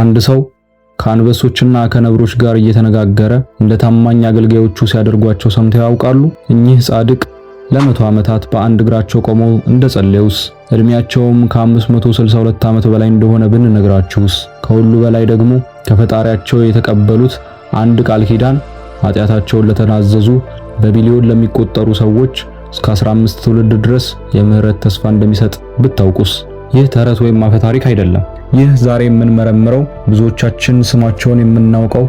አንድ ሰው ከአንበሶችና ከነብሮች ጋር እየተነጋገረ እንደ ታማኝ አገልጋዮቹ ሲያደርጓቸው ሰምተው ያውቃሉ? እኚህ ጻድቅ ለመቶ ዓመታት በአንድ እግራቸው ቆመው ጸለዩስ እድሜያቸውም ከ562 ዓመት በላይ እንደሆነ ብንነግራችሁስ፣ ከሁሉ በላይ ደግሞ ከፈጣሪያቸው የተቀበሉት አንድ ቃል ኪዳን ኃጢአታቸውን ለተናዘዙ በቢሊዮን ለሚቆጠሩ ሰዎች እስከ 15 ትውልድ ድረስ የምህረት ተስፋ እንደሚሰጥ ብታውቁስ? ይህ ተረት ወይም አፈ ታሪክ አይደለም። ይህ ዛሬ የምንመረምረው ብዙዎቻችን ስማቸውን የምናውቀው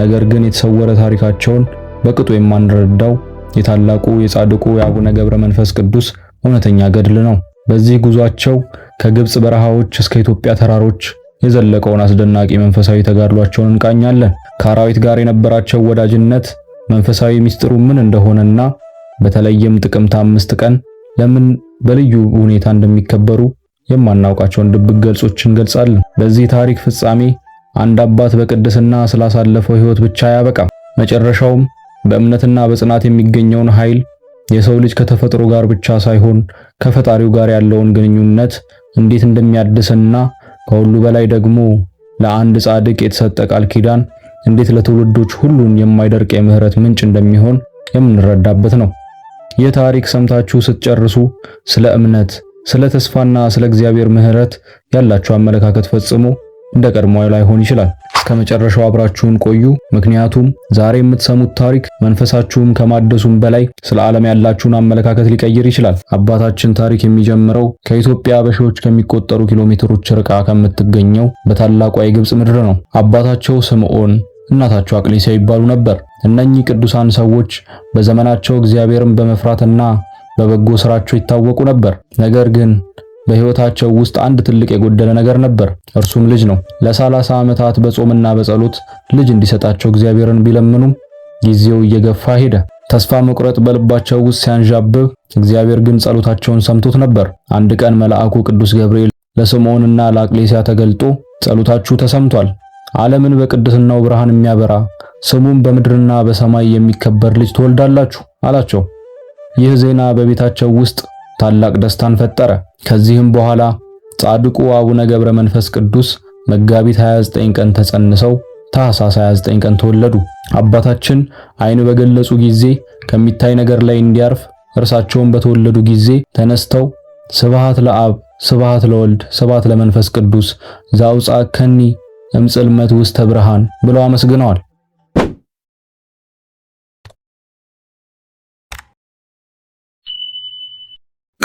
ነገር ግን የተሰወረ ታሪካቸውን በቅጡ የማንረዳው የታላቁ የጻድቁ የአቡነ ገብረ መንፈስ ቅዱስ እውነተኛ ገድል ነው። በዚህ ጉዟቸው ከግብጽ በረሃዎች እስከ ኢትዮጵያ ተራሮች የዘለቀውን አስደናቂ መንፈሳዊ ተጋድሏቸውን እንቃኛለን። ከአራዊት ጋር የነበራቸው ወዳጅነት መንፈሳዊ ምስጢሩ ምን እንደሆነና በተለይም ጥቅምት አምስት ቀን ለምን በልዩ ሁኔታ እንደሚከበሩ የማናውቃቸውን ድብቅ ገልጾች እንገልጻለን። በዚህ ታሪክ ፍጻሜ አንድ አባት በቅድስና ስላሳለፈው ሕይወት ብቻ ያበቃ፣ መጨረሻውም በእምነትና በጽናት የሚገኘውን ኃይል የሰው ልጅ ከተፈጥሮ ጋር ብቻ ሳይሆን ከፈጣሪው ጋር ያለውን ግንኙነት እንዴት እንደሚያድስና ከሁሉ በላይ ደግሞ ለአንድ ጻድቅ የተሰጠ ቃል ኪዳን እንዴት ለትውልዶች ሁሉን የማይደርቅ የምህረት ምንጭ እንደሚሆን የምንረዳበት ነው። ይህ ታሪክ ሰምታችሁ ስትጨርሱ ስለ እምነት ስለ ተስፋና ስለ እግዚአብሔር ምሕረት ያላችሁ አመለካከት ፈጽሞ እንደ ቀድሞ ላይሆን ይችላል። እስከ መጨረሻው አብራችሁን ቆዩ፣ ምክንያቱም ዛሬ የምትሰሙት ታሪክ መንፈሳችሁን ከማደሱም በላይ ስለ ዓለም ያላችሁን አመለካከት ሊቀይር ይችላል። አባታችን ታሪክ የሚጀምረው ከኢትዮጵያ በሺዎች ከሚቆጠሩ ኪሎሜትሮች ርቃ ከምትገኘው በታላቋ የግብፅ ምድር ነው። አባታቸው ስምዖን እናታቸው አቅሌሲያ ይባሉ ነበር። እነኚህ ቅዱሳን ሰዎች በዘመናቸው እግዚአብሔርን በመፍራትና በበጎ ስራቸው ይታወቁ ነበር። ነገር ግን በህይወታቸው ውስጥ አንድ ትልቅ የጎደለ ነገር ነበር። እርሱም ልጅ ነው። ለሰላሳ ዓመታት በጾምና በጸሎት ልጅ እንዲሰጣቸው እግዚአብሔርን ቢለምኑም ጊዜው እየገፋ ሄደ። ተስፋ መቁረጥ በልባቸው ውስጥ ሲያንዣብብ፣ እግዚአብሔር ግን ጸሎታቸውን ሰምቶት ነበር። አንድ ቀን መልአኩ ቅዱስ ገብርኤል ለስምዖንና ለአቅሌሲያ ተገልጦ ጸሎታችሁ ተሰምቷል፣ ዓለምን በቅድስናው ብርሃን የሚያበራ ስሙም በምድርና በሰማይ የሚከበር ልጅ ትወልዳላችሁ አላቸው። ይህ ዜና በቤታቸው ውስጥ ታላቅ ደስታን ፈጠረ። ከዚህም በኋላ ጻድቁ አቡነ ገብረ መንፈስ ቅዱስ መጋቢት 29 ቀን ተጸንሰው ታሳ 29 ቀን ተወለዱ። አባታችን ዓይን በገለጹ ጊዜ ከሚታይ ነገር ላይ እንዲያርፍ እርሳቸውን በተወለዱ ጊዜ ተነስተው ስብሃት ለአብ ስብሃት ለወልድ ስብሃት ለመንፈስ ቅዱስ ከኒ እምጽልመት ውስተ ብርሃን ብለው አመስግነዋል።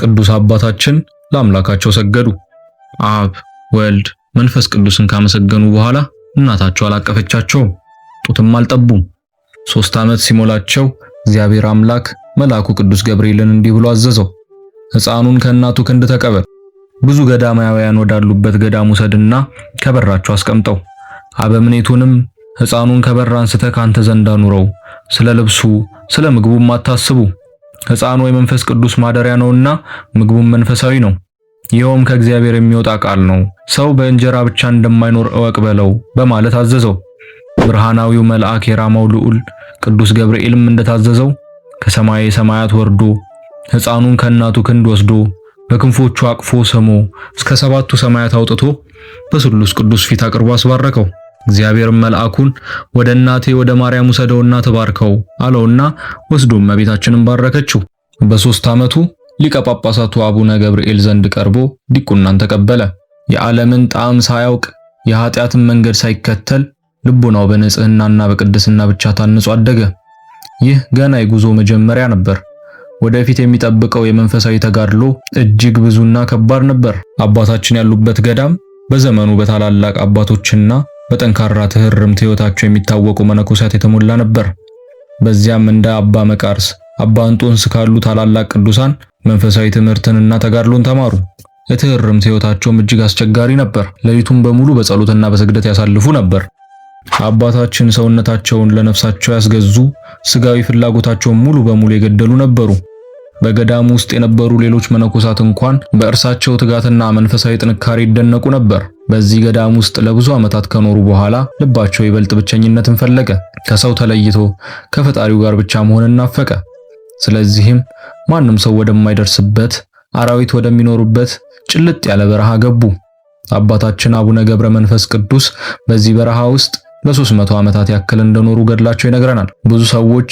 ቅዱስ አባታችን ለአምላካቸው ሰገዱ። አብ ወልድ መንፈስ ቅዱስን ካመሰገኑ በኋላ እናታቸው አላቀፈቻቸውም፣ ጡትም አልጠቡም። ሶስት ዓመት ሲሞላቸው እግዚአብሔር አምላክ መልአኩ ቅዱስ ገብርኤልን እንዲህ ብሎ አዘዘው፣ ሕፃኑን ከእናቱ ክንድ ተቀበል፣ ብዙ ገዳማውያን ወዳሉበት ገዳም ውሰድና ከበራቸው አስቀምጠው፣ አበምኔቱንም ሕፃኑን ከበር አንስተ ካንተ ዘንድ አኑረው፣ ስለ ልብሱ ስለ ምግቡም አታስቡ ሕፃኑ የመንፈስ ቅዱስ ማደሪያ ነውና ምግቡም መንፈሳዊ ነው። ይኸውም ከእግዚአብሔር የሚወጣ ቃል ነው። ሰው በእንጀራ ብቻ እንደማይኖር እወቅ በለው በማለት አዘዘው። ብርሃናዊው መልአክ የራማው ልዑል ቅዱስ ገብርኤልም እንደታዘዘው ከሰማይ ሰማያት ወርዶ ሕፃኑን ከእናቱ ክንድ ወስዶ በክንፎቹ አቅፎ ስሞ እስከ ሰባቱ ሰማያት አውጥቶ በስሉስ ቅዱስ ፊት አቅርቦ አስባረከው። እግዚአብሔርም መልአኩን ወደ እናቴ ወደ ማርያም ውሰደውና ተባርከው አለውና ወስዶ እመቤታችንን ባረከችው። በሦስት ዓመቱ ሊቀ ጳጳሳቱ አቡነ ገብርኤል ዘንድ ቀርቦ ዲቁናን ተቀበለ። የዓለምን ጣዕም ሳያውቅ የኃጢአትን መንገድ ሳይከተል ልቡናው በንጽህናና በቅድስና ብቻ ታንጾ አደገ። ይህ ገና የጉዞ መጀመሪያ ነበር። ወደፊት የሚጠብቀው የመንፈሳዊ ተጋድሎ እጅግ ብዙና ከባድ ነበር። አባታችን ያሉበት ገዳም በዘመኑ በታላላቅ አባቶችና በጠንካራ ትህርምት ሕይወታቸው የሚታወቁ መነኮሳት የተሞላ ነበር። በዚያም እንደ አባ መቃርስ፣ አባ እንጦንስ ካሉ ታላላቅ ቅዱሳን መንፈሳዊ ትምህርትንና ተጋድሎን ተማሩ። የትህርምት ሕይወታቸውም እጅግ አስቸጋሪ ነበር። ሌሊቱን በሙሉ በጸሎትና በስግደት ያሳልፉ ነበር። አባታችን ሰውነታቸውን ለነፍሳቸው ያስገዙ፣ ስጋዊ ፍላጎታቸውን ሙሉ በሙሉ የገደሉ ነበሩ። በገዳሙ ውስጥ የነበሩ ሌሎች መነኮሳት እንኳን በእርሳቸው ትጋትና መንፈሳዊ ጥንካሬ ይደነቁ ነበር። በዚህ ገዳም ውስጥ ለብዙ ዓመታት ከኖሩ በኋላ ልባቸው ይበልጥ ብቸኝነትን ፈለገ። ከሰው ተለይቶ ከፈጣሪው ጋር ብቻ መሆን እናፈቀ። ስለዚህም ማንም ሰው ወደማይደርስበት አራዊት ወደሚኖሩበት ጭልጥ ያለ በረሃ ገቡ። አባታችን አቡነ ገብረ መንፈስ ቅዱስ በዚህ በረሃ ውስጥ ለሶስት መቶ ዓመታት ያክል እንደኖሩ ገድላቸው ይነግረናል። ብዙ ሰዎች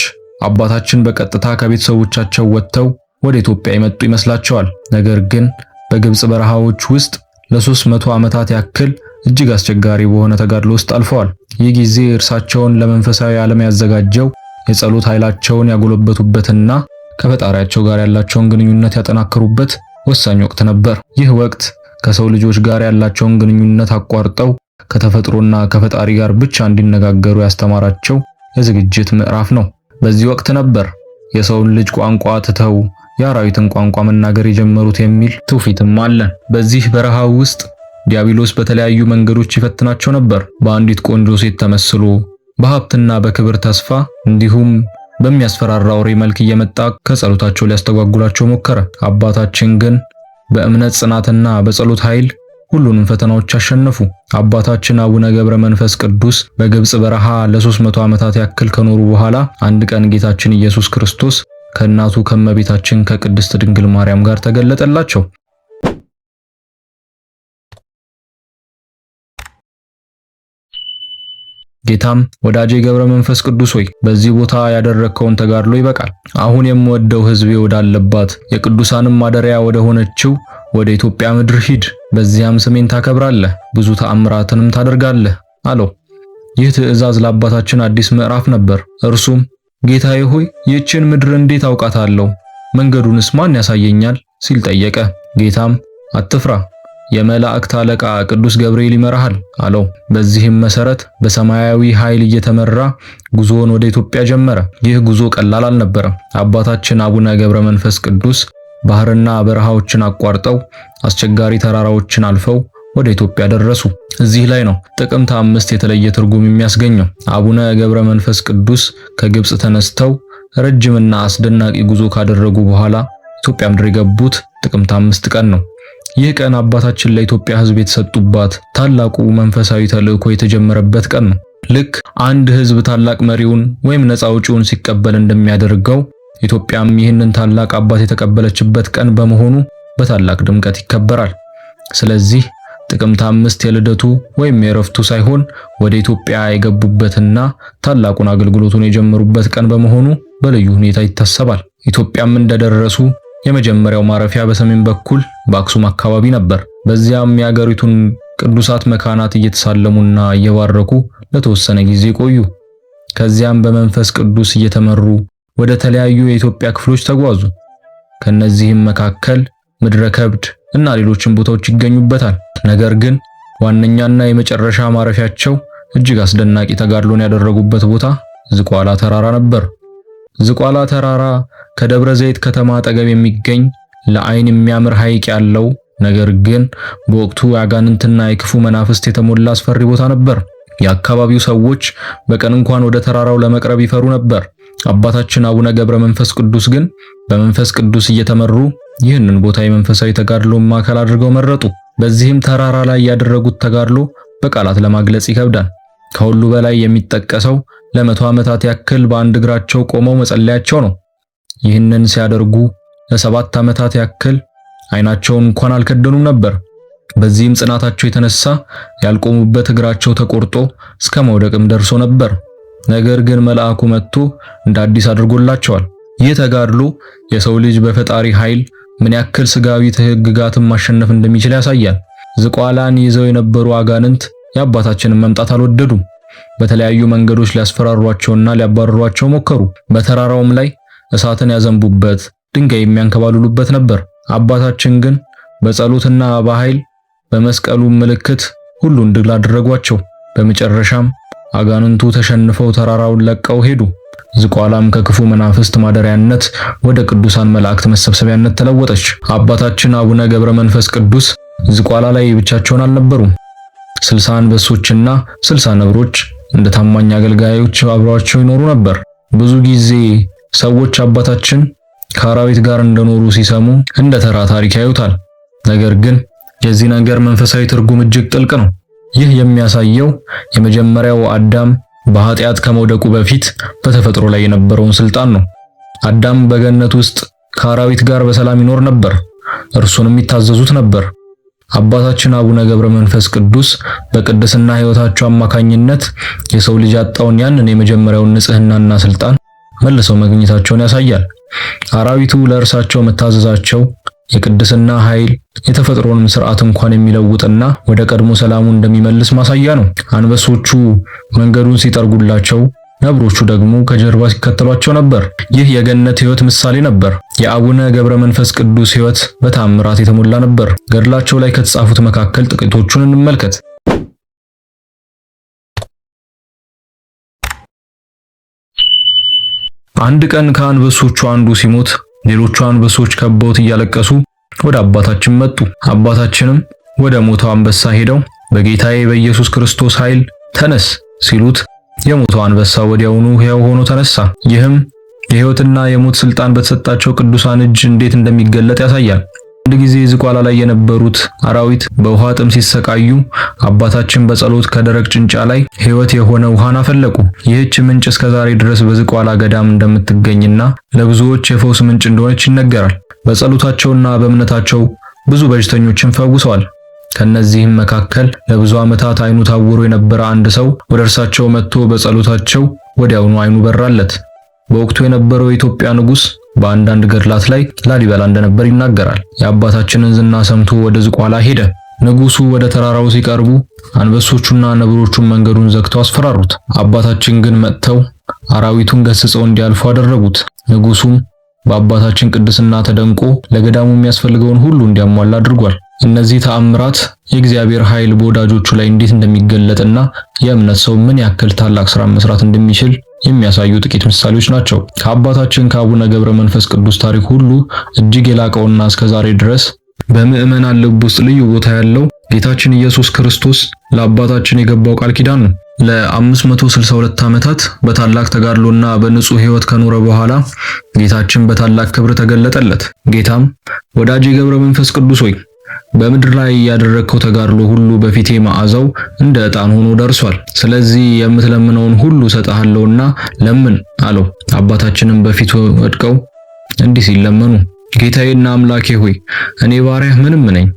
አባታችን በቀጥታ ከቤተሰቦቻቸው ወጥተው ወደ ኢትዮጵያ የመጡ ይመስላቸዋል። ነገር ግን በግብጽ በረሃዎች ውስጥ ለሶስት መቶ ዓመታት ያክል እጅግ አስቸጋሪ በሆነ ተጋድሎ ውስጥ አልፈዋል። ይህ ጊዜ እርሳቸውን ለመንፈሳዊ ዓለም ያዘጋጀው የጸሎት ኃይላቸውን ያጎለበቱበትና ከፈጣሪያቸው ጋር ያላቸውን ግንኙነት ያጠናከሩበት ወሳኝ ወቅት ነበር። ይህ ወቅት ከሰው ልጆች ጋር ያላቸውን ግንኙነት አቋርጠው ከተፈጥሮና ከፈጣሪ ጋር ብቻ እንዲነጋገሩ ያስተማራቸው የዝግጅት ምዕራፍ ነው። በዚህ ወቅት ነበር የሰውን ልጅ ቋንቋ ትተው የአራዊትን ቋንቋ መናገር የጀመሩት የሚል ትውፊትም አለ። በዚህ በረሃ ውስጥ ዲያብሎስ በተለያዩ መንገዶች ይፈትናቸው ነበር። በአንዲት ቆንጆ ሴት ተመስሎ በሀብትና በክብር ተስፋ እንዲሁም በሚያስፈራራ ወሬ መልክ እየመጣ ከጸሎታቸው ሊያስተጓጉላቸው ሞከረ። አባታችን ግን በእምነት ጽናትና በጸሎት ኃይል ሁሉንም ፈተናዎች አሸነፉ። አባታችን አቡነ ገብረ መንፈስ ቅዱስ በግብጽ በረሃ ለ300 ዓመታት ያክል ከኖሩ በኋላ አንድ ቀን ጌታችን ኢየሱስ ክርስቶስ ከእናቱ ከመቤታችን ከቅድስት ድንግል ማርያም ጋር ተገለጠላቸው። ጌታም ወዳጄ ገብረ መንፈስ ቅዱስ ሆይ በዚህ ቦታ ያደረግከውን ተጋድሎ ይበቃል። አሁን የምወደው ሕዝቤ ወዳለባት የቅዱሳንም ማደሪያ ወደ ሆነችው ወደ ኢትዮጵያ ምድር ሂድ በዚያም ስሜን ታከብራለህ፣ ብዙ ተአምራትንም ታደርጋለህ አለው። ይህ ትእዛዝ ለአባታችን አዲስ ምዕራፍ ነበር። እርሱም ጌታዬ ሆይ ይህችን ምድር እንዴት አውቃታለሁ? መንገዱንስ ማን ያሳየኛል? ሲል ጠየቀ። ጌታም አትፍራ፣ የመላእክት አለቃ ቅዱስ ገብርኤል ይመራሃል አለው። በዚህም መሰረት በሰማያዊ ኃይል እየተመራ ጉዞውን ወደ ኢትዮጵያ ጀመረ። ይህ ጉዞ ቀላል አልነበረም። አባታችን አቡነ ገብረ መንፈስ ቅዱስ ባህርና በረሃዎችን አቋርጠው አስቸጋሪ ተራራዎችን አልፈው ወደ ኢትዮጵያ ደረሱ። እዚህ ላይ ነው ጥቅምት አምስት የተለየ ትርጉም የሚያስገኘው። አቡነ ገብረ መንፈስ ቅዱስ ከግብጽ ተነስተው ረጅምና አስደናቂ ጉዞ ካደረጉ በኋላ ኢትዮጵያ ምድር የገቡት ጥቅምት አምስት ቀን ነው። ይህ ቀን አባታችን ለኢትዮጵያ ሕዝብ የተሰጡባት ታላቁ መንፈሳዊ ተልእኮ የተጀመረበት ቀን ነው። ልክ አንድ ሕዝብ ታላቅ መሪውን ወይም ነፃ አውጪውን ሲቀበል እንደሚያደርገው ኢትዮጵያም ይህንን ታላቅ አባት የተቀበለችበት ቀን በመሆኑ በታላቅ ድምቀት ይከበራል። ስለዚህ ጥቅምት አምስት የልደቱ ወይም የእረፍቱ ሳይሆን ወደ ኢትዮጵያ የገቡበትና ታላቁን አገልግሎቱን የጀመሩበት ቀን በመሆኑ በልዩ ሁኔታ ይታሰባል። ኢትዮጵያም እንደደረሱ የመጀመሪያው ማረፊያ በሰሜን በኩል በአክሱም አካባቢ ነበር። በዚያም የአገሪቱን ቅዱሳት መካናት እየተሳለሙና እየባረኩ ለተወሰነ ጊዜ ቆዩ። ከዚያም በመንፈስ ቅዱስ እየተመሩ ወደ ተለያዩ የኢትዮጵያ ክፍሎች ተጓዙ። ከነዚህም መካከል ምድረ ከብድ እና ሌሎችም ቦታዎች ይገኙበታል። ነገር ግን ዋነኛና የመጨረሻ ማረፊያቸው እጅግ አስደናቂ ተጋድሎን ያደረጉበት ቦታ ዝቋላ ተራራ ነበር። ዝቋላ ተራራ ከደብረ ዘይት ከተማ አጠገብ የሚገኝ ለአይን የሚያምር ሐይቅ ያለው ነገር ግን በወቅቱ የአጋንንትና የክፉ መናፍስት የተሞላ አስፈሪ ቦታ ነበር። የአካባቢው ሰዎች በቀን እንኳን ወደ ተራራው ለመቅረብ ይፈሩ ነበር። አባታችን አቡነ ገብረ መንፈስ ቅዱስ ግን በመንፈስ ቅዱስ እየተመሩ ይህንን ቦታ የመንፈሳዊ ተጋድሎ ማዕከል አድርገው መረጡ። በዚህም ተራራ ላይ ያደረጉት ተጋድሎ በቃላት ለማግለጽ ይከብዳል። ከሁሉ በላይ የሚጠቀሰው ለመቶ ዓመታት ያክል በአንድ እግራቸው ቆመው መጸለያቸው ነው። ይህንን ሲያደርጉ ለሰባት ዓመታት ያክል አይናቸውን እንኳን አልከደኑም ነበር። በዚህም ጽናታቸው የተነሳ ያልቆሙበት እግራቸው ተቆርጦ እስከ መውደቅም ደርሶ ነበር። ነገር ግን መልአኩ መጥቶ እንደ አዲስ አድርጎላቸዋል። ይህ ተጋድሎ የሰው ልጅ በፈጣሪ ኃይል ምን ያክል ስጋዊ ሕግጋትን ማሸነፍ እንደሚችል ያሳያል። ዝቋላን ይዘው የነበሩ አጋንንት የአባታችንን መምጣት አልወደዱም። በተለያዩ መንገዶች ሊያስፈራሯቸውና ሊያባርሯቸው ሞከሩ። በተራራውም ላይ እሳትን ያዘንቡበት፣ ድንጋይ የሚያንከባልሉበት ነበር። አባታችን ግን በጸሎትና በኃይል በመስቀሉ ምልክት ሁሉን ድል አደረጓቸው። በመጨረሻም አጋንንቱ ተሸንፈው ተራራውን ለቀው ሄዱ። ዝቋላም ከክፉ መናፍስት ማደሪያነት ወደ ቅዱሳን መላእክት መሰብሰቢያነት ተለወጠች። አባታችን አቡነ ገብረ መንፈስ ቅዱስ ዝቋላ ላይ ብቻቸውን አልነበሩም። ስልሳ አንበሶችና ስልሳ ነብሮች እንደ ታማኝ አገልጋዮች አብረዋቸው ይኖሩ ነበር። ብዙ ጊዜ ሰዎች አባታችን ከአራዊት ጋር እንደኖሩ ሲሰሙ እንደ ተራ ታሪክ ያዩታል። ነገር ግን የዚህ ነገር መንፈሳዊ ትርጉም እጅግ ጥልቅ ነው። ይህ የሚያሳየው የመጀመሪያው አዳም በኃጢአት ከመውደቁ በፊት በተፈጥሮ ላይ የነበረውን ስልጣን ነው። አዳም በገነት ውስጥ ከአራዊት ጋር በሰላም ይኖር ነበር፣ እርሱንም ይታዘዙት ነበር። አባታችን አቡነ ገብረ መንፈስ ቅዱስ በቅድስና ሕይወታቸው አማካኝነት የሰው ልጅ ያጣውን ያንን የመጀመሪያውን ንጽህናና ስልጣን መልሰው ማግኘታቸውን ያሳያል። አራዊቱ ለእርሳቸው መታዘዛቸው የቅድስና ኃይል የተፈጥሮንም ስርዓት እንኳን የሚለውጥና ወደ ቀድሞ ሰላሙ እንደሚመልስ ማሳያ ነው። አንበሶቹ መንገዱን ሲጠርጉላቸው፣ ነብሮቹ ደግሞ ከጀርባ ሲከተሏቸው ነበር። ይህ የገነት ሕይወት ምሳሌ ነበር። የአቡነ ገብረ መንፈስ ቅዱስ ሕይወት በታምራት የተሞላ ነበር። ገድላቸው ላይ ከተጻፉት መካከል ጥቂቶቹን እንመልከት። አንድ ቀን ከአንበሶቹ አንዱ ሲሞት ሌሎቹ አንበሶች ከበውት እያለቀሱ ወደ አባታችን መጡ። አባታችንም ወደ ሞተው አንበሳ ሄደው በጌታዬ በኢየሱስ ክርስቶስ ኃይል ተነስ ሲሉት የሞተው አንበሳ ወዲያውኑ ሕያው ሆኖ ተነሳ። ይህም የሕይወትና የሞት ሥልጣን በተሰጣቸው ቅዱሳን እጅ እንዴት እንደሚገለጥ ያሳያል። አንድ ጊዜ ዝቋላ ላይ የነበሩት አራዊት በውሃ ጥም ሲሰቃዩ አባታችን በጸሎት ከደረቅ ጭንጫ ላይ ሕይወት የሆነ ውሃን አፈለቁ። ይህች ምንጭ እስከ ዛሬ ድረስ በዝቋላ ገዳም እንደምትገኝና ለብዙዎች የፈውስ ምንጭ እንደሆነች ይነገራል። በጸሎታቸውና በእምነታቸው ብዙ በሽተኞችን ፈውሰዋል። ከነዚህም መካከል ለብዙ ዓመታት አይኑ ታውሮ የነበረ አንድ ሰው ወደ እርሳቸው መጥቶ በጸሎታቸው ወዲያውኑ አይኑ በራለት። በወቅቱ የነበረው የኢትዮጵያ ንጉሥ በአንዳንድ ገድላት ላይ ላሊበላ እንደነበር ይናገራል። የአባታችንን ዝና ሰምቶ ወደ ዝቋላ ሄደ። ንጉሱ ወደ ተራራው ሲቀርቡ አንበሶቹና ነብሮቹ መንገዱን ዘግተው አስፈራሩት። አባታችን ግን መጥተው አራዊቱን ገስጸው እንዲያልፉ አደረጉት። ንጉሱም በአባታችን ቅድስና ተደንቆ ለገዳሙ የሚያስፈልገውን ሁሉ እንዲያሟላ አድርጓል። እነዚህ ተአምራት የእግዚአብሔር ኃይል በወዳጆቹ ላይ እንዴት እንደሚገለጥና የእምነት ሰው ምን ያክል ታላቅ ስራ መስራት እንደሚችል የሚያሳዩ ጥቂት ምሳሌዎች ናቸው። ከአባታችን ከአቡነ ገብረ መንፈስ ቅዱስ ታሪክ ሁሉ እጅግ የላቀውና እስከዛሬ ድረስ በምዕመናን ልብ ውስጥ ልዩ ቦታ ያለው ጌታችን ኢየሱስ ክርስቶስ ለአባታችን የገባው ቃል ኪዳን ነው። ለ562 ዓመታት በታላቅ ተጋድሎና በንጹህ ሕይወት ከኖረ በኋላ ጌታችን በታላቅ ክብር ተገለጠለት። ጌታም ወዳጄ ገብረ መንፈስ ቅዱስ ሆይ በምድር ላይ ያደረግከው ተጋድሎ ሁሉ በፊቴ መዓዛው እንደ ዕጣን ሆኖ ደርሷል። ስለዚህ የምትለምነውን ሁሉ ሰጠሃለሁና ለምን አለው። አባታችንም በፊቱ ወድቀው እንዲህ ሲለመኑ ጌታዬና አምላኬ ሆይ እኔ ባሪያህ ምንም ነኝ።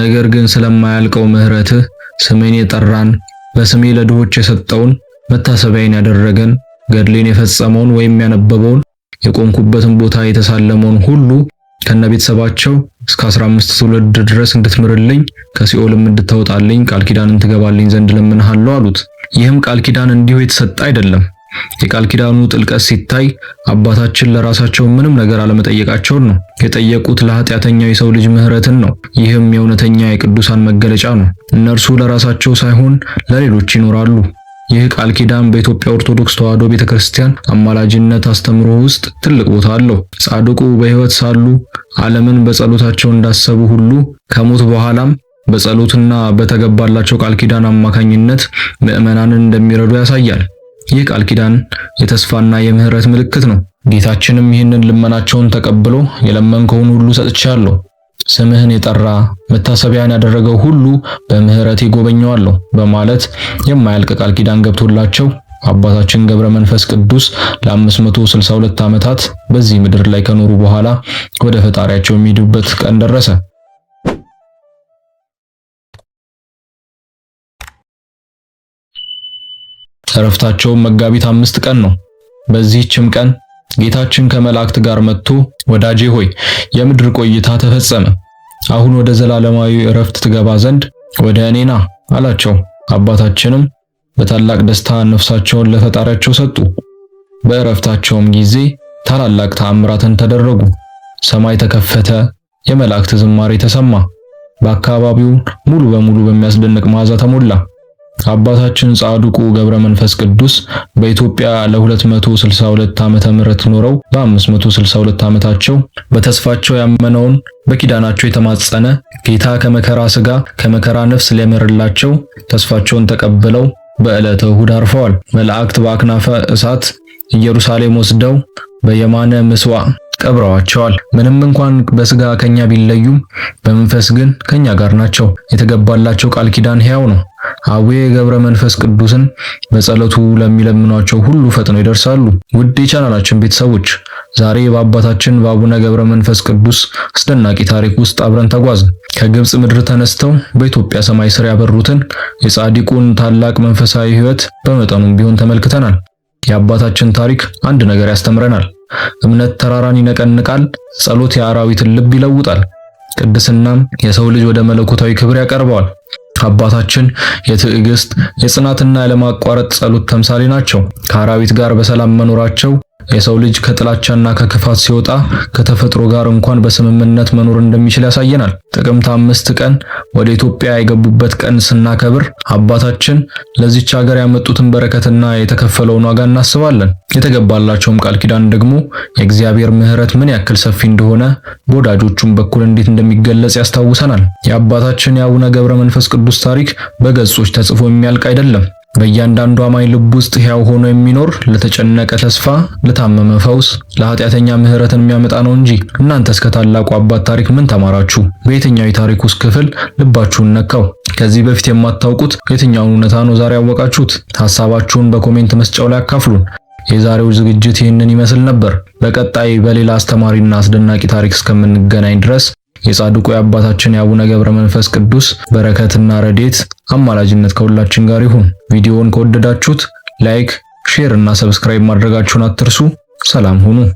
ነገር ግን ስለማያልቀው ምሕረትህ ስሜን የጠራን በስሜ ለድሆች የሰጠውን መታሰቢያን ያደረገን ገድሌን የፈጸመውን ወይም ያነበበውን የቆምኩበትን ቦታ የተሳለመውን ሁሉ ከነቤተሰባቸው እስከ 15 ትውልድ ድረስ እንድትምርልኝ ከሲኦልም እንድታወጣልኝ ቃል ኪዳንን ትገባልኝ ዘንድ ለምንሃለሁ አሉት። ይህም ቃል ኪዳን እንዲሁ የተሰጠ አይደለም። የቃል ኪዳኑ ጥልቀት ሲታይ አባታችን ለራሳቸው ምንም ነገር አለመጠየቃቸውን ነው። የጠየቁት ለኃጢአተኛው የሰው ልጅ ምሕረትን ነው። ይህም የእውነተኛ የቅዱሳን መገለጫ ነው። እነርሱ ለራሳቸው ሳይሆን ለሌሎች ይኖራሉ። ይህ ቃል ኪዳን በኢትዮጵያ ኦርቶዶክስ ተዋሕዶ ቤተክርስቲያን አማላጅነት አስተምሮ ውስጥ ትልቅ ቦታ አለው። ጻድቁ በሕይወት ሳሉ ዓለምን በጸሎታቸው እንዳሰቡ ሁሉ ከሞት በኋላም በጸሎትና በተገባላቸው ቃል ኪዳን አማካኝነት ምዕመናንን እንደሚረዱ ያሳያል። ይህ ቃል ኪዳን የተስፋና የምሕረት ምልክት ነው። ጌታችንም ይህንን ልመናቸውን ተቀብሎ የለመንከውን ሁሉ ሰጥቻለሁ ስምህን የጠራ መታሰቢያን ያደረገው ሁሉ በምህረቴ ጎበኘዋለሁ በማለት የማያልቅ ቃል ኪዳን ገብቶላቸው አባታችን ገብረ መንፈስ ቅዱስ ለ562 ዓመታት በዚህ ምድር ላይ ከኖሩ በኋላ ወደ ፈጣሪያቸው የሚሄዱበት ቀን ደረሰ። እረፍታቸውም መጋቢት አምስት ቀን ነው። በዚህችም ቀን ጌታችን ከመላእክት ጋር መጥቶ ወዳጄ ሆይ የምድር ቆይታ ተፈጸመ፣ አሁን ወደ ዘላለማዊ እረፍት ትገባ ዘንድ ወደ እኔና አላቸው። አባታችንም በታላቅ ደስታ ነፍሳቸውን ለፈጣሪያቸው ሰጡ። በእረፍታቸውም ጊዜ ታላላቅ ተአምራትን ተደረጉ። ሰማይ ተከፈተ፣ የመላእክት ዝማሬ ተሰማ፣ በአካባቢው ሙሉ በሙሉ በሚያስደንቅ መዓዛ ተሞላ። አባታችን ጻድቁ ገብረ መንፈስ ቅዱስ በኢትዮጵያ ለ262 ዓመተ ምህረት ኖረው በ562 ዓመታቸው በተስፋቸው ያመነውን በኪዳናቸው የተማጸነ ጌታ ከመከራ ስጋ ከመከራ ነፍስ ሊያመርላቸው ተስፋቸውን ተቀብለው በዕለተ እሁድ አርፈዋል። መላእክት በአክናፈ እሳት ኢየሩሳሌም ወስደው በየማነ ምስዋ ቀብረዋቸዋል። ምንም እንኳን በስጋ ከኛ ቢለዩም በመንፈስ ግን ከኛ ጋር ናቸው። የተገባላቸው ቃል ኪዳን ሕያው ነው። አቡዬ ገብረ መንፈስ ቅዱስን በጸሎቱ ለሚለምኗቸው ሁሉ ፈጥነው ይደርሳሉ። ውድ የቻናላችን ቤተሰቦች ዛሬ በአባታችን በአቡነ ገብረ መንፈስ ቅዱስ አስደናቂ ታሪክ ውስጥ አብረን ተጓዝን። ከግብጽ ምድር ተነስተው በኢትዮጵያ ሰማይ ስር ያበሩትን የጻድቁን ታላቅ መንፈሳዊ ሕይወት በመጠኑም ቢሆን ተመልክተናል። የአባታችን ታሪክ አንድ ነገር ያስተምረናል። እምነት ተራራን ይነቀንቃል፣ ጸሎት የአራዊትን ልብ ይለውጣል፣ ቅድስናም የሰው ልጅ ወደ መለኮታዊ ክብር ያቀርበዋል። አባታችን የትዕግስት የጽናትና ያለማቋረጥ ጸሎት ተምሳሌ ናቸው። ከአራዊት ጋር በሰላም መኖራቸው የሰው ልጅ ከጥላቻና ከክፋት ሲወጣ ከተፈጥሮ ጋር እንኳን በስምምነት መኖር እንደሚችል ያሳየናል። ጥቅምት አምስት ቀን ወደ ኢትዮጵያ የገቡበት ቀን ስናከብር አባታችን ለዚች ሀገር ያመጡትን በረከትና የተከፈለውን ዋጋ እናስባለን። የተገባላቸውም ቃል ኪዳን ደግሞ የእግዚአብሔር ምሕረት ምን ያክል ሰፊ እንደሆነ በወዳጆቹም በኩል እንዴት እንደሚገለጽ ያስታውሰናል። የአባታችን የአቡነ ገብረ መንፈስ ቅዱስ ታሪክ በገጾች ተጽፎ የሚያልቅ አይደለም። በእያንዳንዱ አማኝ ልብ ውስጥ ሕያው ሆኖ የሚኖር ለተጨነቀ ተስፋ፣ ለታመመ ፈውስ፣ ለኃጢአተኛ ምሕረትን የሚያመጣ ነው እንጂ። እናንተስ ከታላቁ አባት ታሪክ ምን ተማራችሁ? በየትኛው የታሪክ ውስጥ ክፍል ልባችሁን ነካው? ከዚህ በፊት የማታውቁት የትኛውን እውነታ ነው ዛሬ ያወቃችሁት? ሐሳባችሁን በኮሜንት መስጫው ላይ አካፍሉን። የዛሬው ዝግጅት ይህንን ይመስል ነበር። በቀጣይ በሌላ አስተማሪና አስደናቂ ታሪክ እስከምንገናኝ ድረስ የጻድቁ የአባታችን የአቡነ ገብረ መንፈስ ቅዱስ በረከትና ረዴት አማላጅነት ከሁላችን ጋር ይሁን። ቪዲዮውን ከወደዳችሁት ላይክ፣ ሼር እና ሰብስክራይብ ማድረጋችሁን አትርሱ። ሰላም ሁኑ።